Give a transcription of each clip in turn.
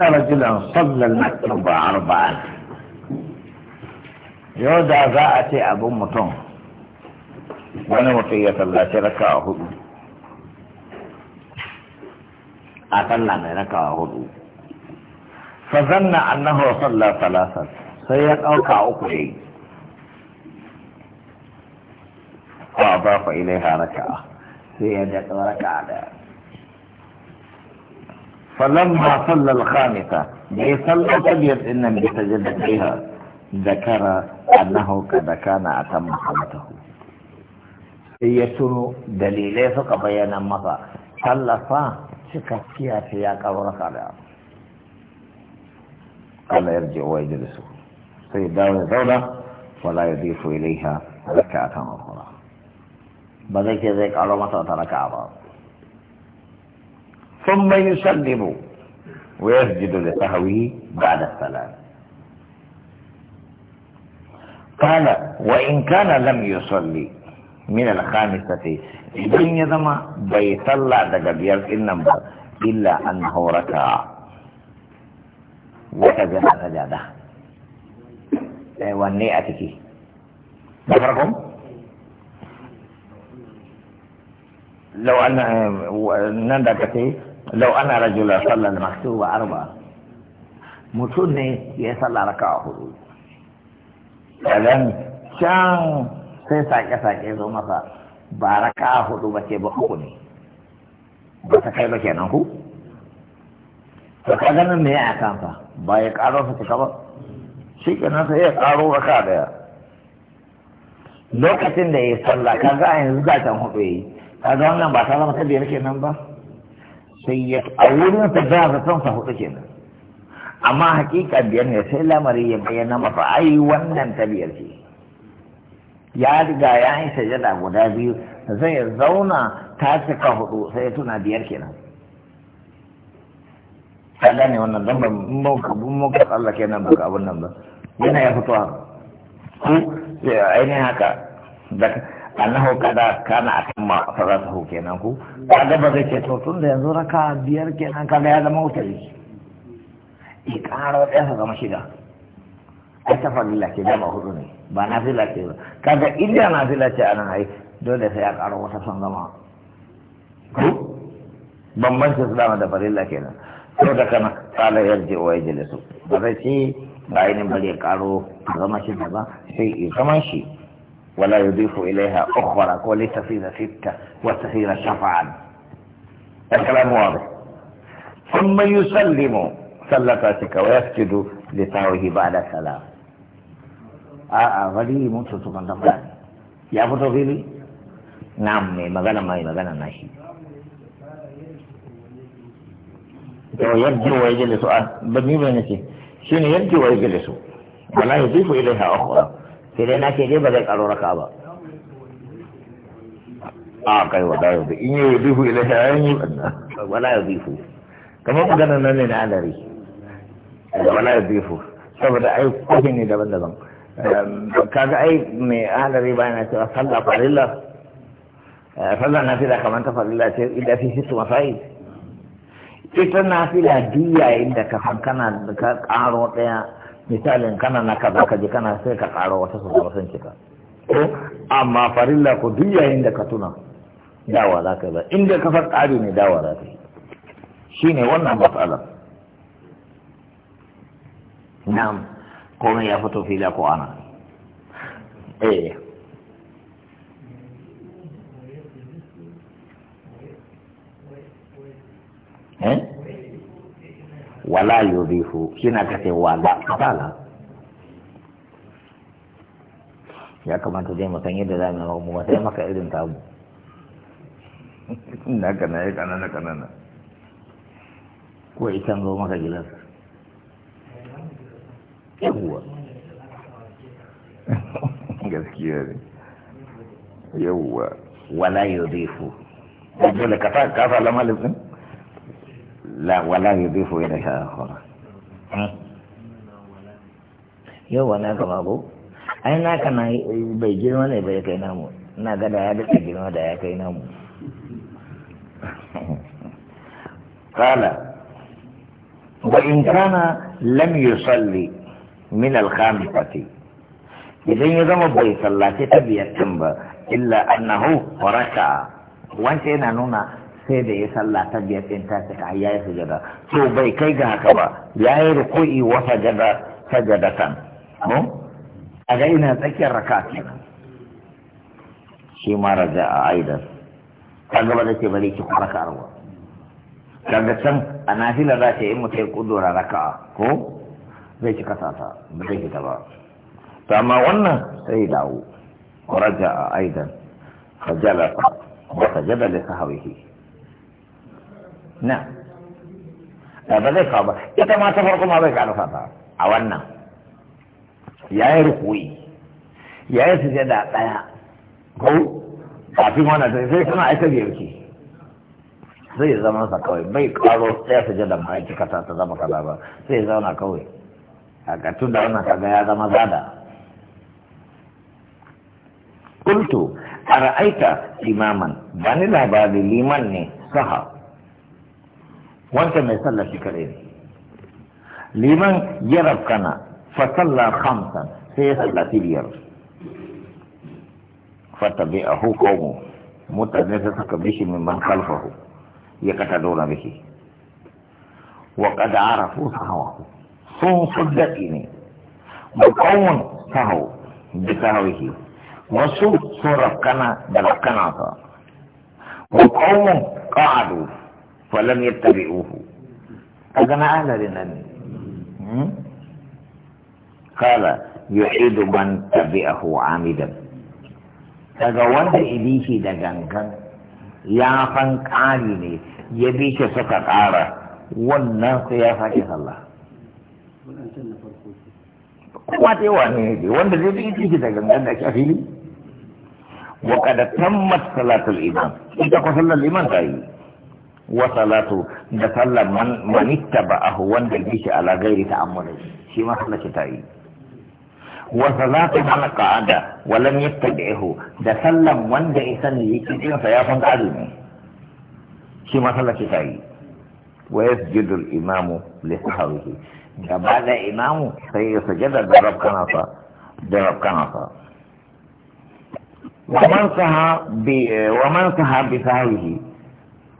رجل صلى المغرب أربعة يودا زاءتي أبو مطن ونوطية التي ركعه أقل من ركعه فظن أنه صلى ثلاثة سيد أوقع أوكي وأضاف إليها ركعة سيد أقل ركعة فلما صلى الخامسة بيصلى تبيض إن بسجد بها ذكر أنه قد كان أتم صلاته يتنو دليل فقط بيانا مضى صلى فا شكاكيا فياك أو ركع قال يرجع ويجلس فيداوي دولة ولا يضيف إليها ركعة أخرى بذلك ذلك على تركعة أخرى ثم يسلم ويسجد لسهوه بعد السلام قال وإن كان لم يصلي من الخامسة إذن يدما الله دقبير إنما إلا أنه ركع وكذا سجاده ونيئتك أيوة، a لو أن نندكتي lau ana rajula sallar maktuba arba mutum ne ya sallar raka a hudu can sai sake-sake zo masa ba raka a hudu ba ce ba uku ne ba ta kai ba kenan ku ta kaganin me a kansa ba ya karo su cika ba shi nan sai iya karo raka daya lokacin da ya sallah kaga yanzu zaton hudu ya yi kaga wannan ba ta zama ta biyar kenan ba sai ya a wurin sa da zaton sa hudu kenan amma hakika biyar ne sai lamari ya bayyana masa ai wannan tabiyar ce ya riga ya yi sajada guda biyu zai zauna ta cika hudu sai tuna biyar kenan ta ne wannan don ba mun tsalla kenan ba abin nan ba yana ya fito ko eh, ainihin haka annahu kada kana akan ma faratahu kenan ku ga ba zai ce to tun da yanzu raka biyar kenan kaga ya zama ne ya ƙara ɗaya ka zama shida ai ta fadila ce dama hudu ne ba na fila ce ba kaga inda na fila ce a nan ai dole sai ya ƙara wata son zama ku bambancin su dama da farilla kenan So da kana kala yarje wa yajlisu ba zai ce ga ainihin bari ya ƙaro zama shi ba sai ya zama shi ولا يضيف إليها أخرى وليس فينا ستة وسفينا شفعا الكلام واضح ثم يسلم صلى فاتك ويسجد لطاوه بعد سلام آآ آه، آه، غلي منتو تبان دمان يا فتو غيري نعم ني إيه، مغانا ماي مغانا إيه. ناشي يو يرجو ويجلسو آه، بني بني شين يرجو ويجلسو ولا يضيف إليها أخرى sai dai na ce dai ba zai karo raka ba a kai wa dayo da in yi bihu ila shayan yi wala ya bihu kamar maganar nan ne na alari wala ya bihu saboda ai kofi ne daban-daban ehm, kaga ai mai alari bayan na cewa sallah farilla eh, sallah na fila kamar ta farilla ce idan fi shi masai ita na fila duk yayin da ka kana ka karo daya misalin kana na kaza ka je kana sai ka karo wata su zama sun cika amma farilla ko duk yayin da ka tuna dawa za ka yi ba inda ka far ƙari ne dawa za ka shi ne wannan matsalar Na komai ya fito fila ko ana eh wala yurifu shina kace wala kala ya kamata dai mu san yadda za mu mu sai maka irin tamu na kana ya kana na kana na ko ikan zo maka gilas yawwa gaskiya ne yawwa wala yurifu dole ka fa ka fa lamalin eh? لا ولا يضيف إليها آخر يو ولا كما أي ناكا كان بيجين ولا بيكي نامو أنا قد أعدت بيجين ولا يكي نامو قال وإن كان لم يصلي من الخامسة إذا يضم بيت الله بيصلى تنبا إلا أنه ركع وانت هنا sai da ya sallah ta biyar ɗin ta cika ya yi sujada to bai kai ga haka ba ya yi ruku'i wa jada sajada kan a ga ina tsakiyar raka shi ma raja a aidan ta gaba da ce bari ki kuma karuwa daga can a nafila za ta yi mu sai kudura raka ko zai ci kasa ta ba zai fita ba to amma wannan sai dawo raja a Ka aidan fajalasa jada sajada ka sahwihi na eh, ba zai kawo ba ita ma ta farko ma bai karfa ba a wannan ya yi rukuyi ya yi sujada ɗaya ko kafin wannan sai sai kana aika biyarki zai zama sa kawai bai karo ɗaya sujada ma aiki kasa ta zama kaza ba sai zauna kawai a katun da wannan kaga ya zama zada kuntu a ra'aita limaman ba ni labari liman ne saha وانتم يصلى في كريم لمن يرب كنا فصلى خمسا سيصلى في الير فتبعه قومه متنسس كبش من من خلفه يقتدون به وقد عرفوا صحوه سن صدقيني إني وقومون صحو بصحوه وسوء صرف كنا بلقنا صحوه وقومون قعدوا ولم يتبعوه هذا معنى لنا قال يعيد من تبعه عامدا هذا إليه دقنقا يا فنك عاليني يبيك سكك عارة والناس يا فاكه الله قوات يواني هذي وانت وقد تمت صلاة الإيمان انت قصلنا الإيمان تايلي Wasalatu da sallar man ittaba'ahu wanda bi shi ala ghairi ta'ammuli shi ma sallar ta yi wa salatu man qa'ada wa lam yattabi'hu da sallar wanda ya sani yake din sa ya san azumi shi ma sallar ta yi wa yasjudu al-imamu li sahwihi gaba da imamu sai ya sujada da rabkana fa da rabkana fa ومن سها ومن سها بسهوه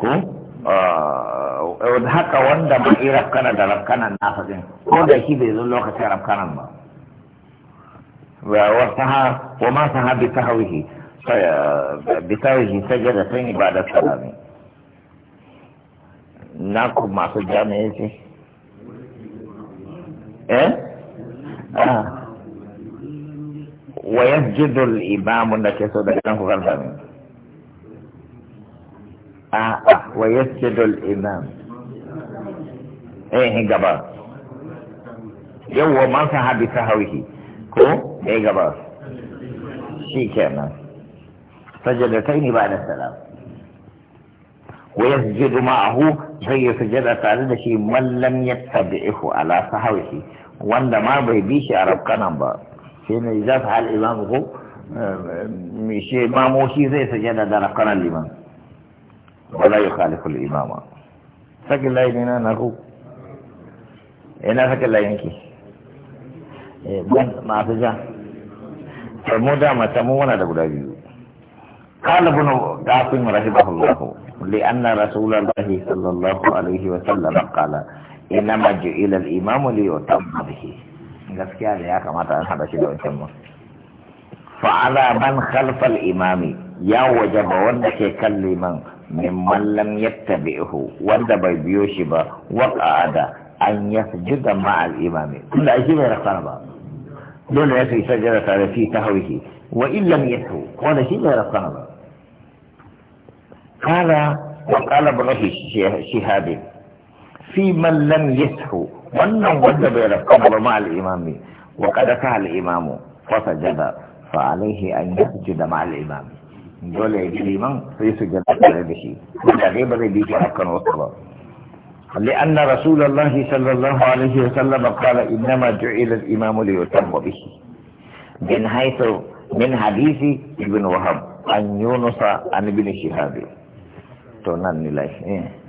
كم Eh, eh, haka wanda ba yi rafkana da rafkanan na din ko da shi bai zo lokacin rafkanan ba wa saha wa ma saha bi sahawihi eh, bi sahawihi sajada sun ibadat salami na ku masu jami'ai ce eh ah. wa yasjudu al-imamu da ke so da kan ku karfa آه،, آه ويسجد الإمام إيه, إيه جبا يو ما سها بسهوه كو إيه جبا شي كنا سجدتين بعد السلام ويسجد معه زي سجد تعالى من لم يتبعه على سهوه وعند ما بيبيش عرب كنبا شين إذا فعل إمامه مشي آه، ما موشي زي سجد درقنا الإمام wala yukhalifu al-imama sakin layi ne na na ku ina sakin layin ki? ban ma ja to mu da mata da guda biyu قال ابن قاسم رحمه الله لأن رسول الله صلى الله عليه ma ju'ila إنما جئل الإمام ليؤتم به gaskiya ne ya kamata an hada shi da wancan mu fa'ala man khalfal imami ya wajaba wanda ke kan liman من لم يتبعه وردا باي بيوشي وقع ادا ان يسجد مع الامام كل اجيب يا رخصان با دون يسو يسجد على في تهوه وان لم يسو قال اجيب يا رخصان قال وقال بغي شهاد في من لم يسهو وانا وجد بير الصبر مع الامام وقد فعل الامام فسجد فعليه ان يسجد مع الامام dole ya ji man sai su ga tare da shi ba dai ba zai bi shi akan wasu ba an na anna rasulullahi sallallahu alaihi wa sallam qala ina ma ju'ila al da li yutabba bihi bin haythu min hadisi ibn wahab an yi wani yunusa an shi shihab to nan ni lai eh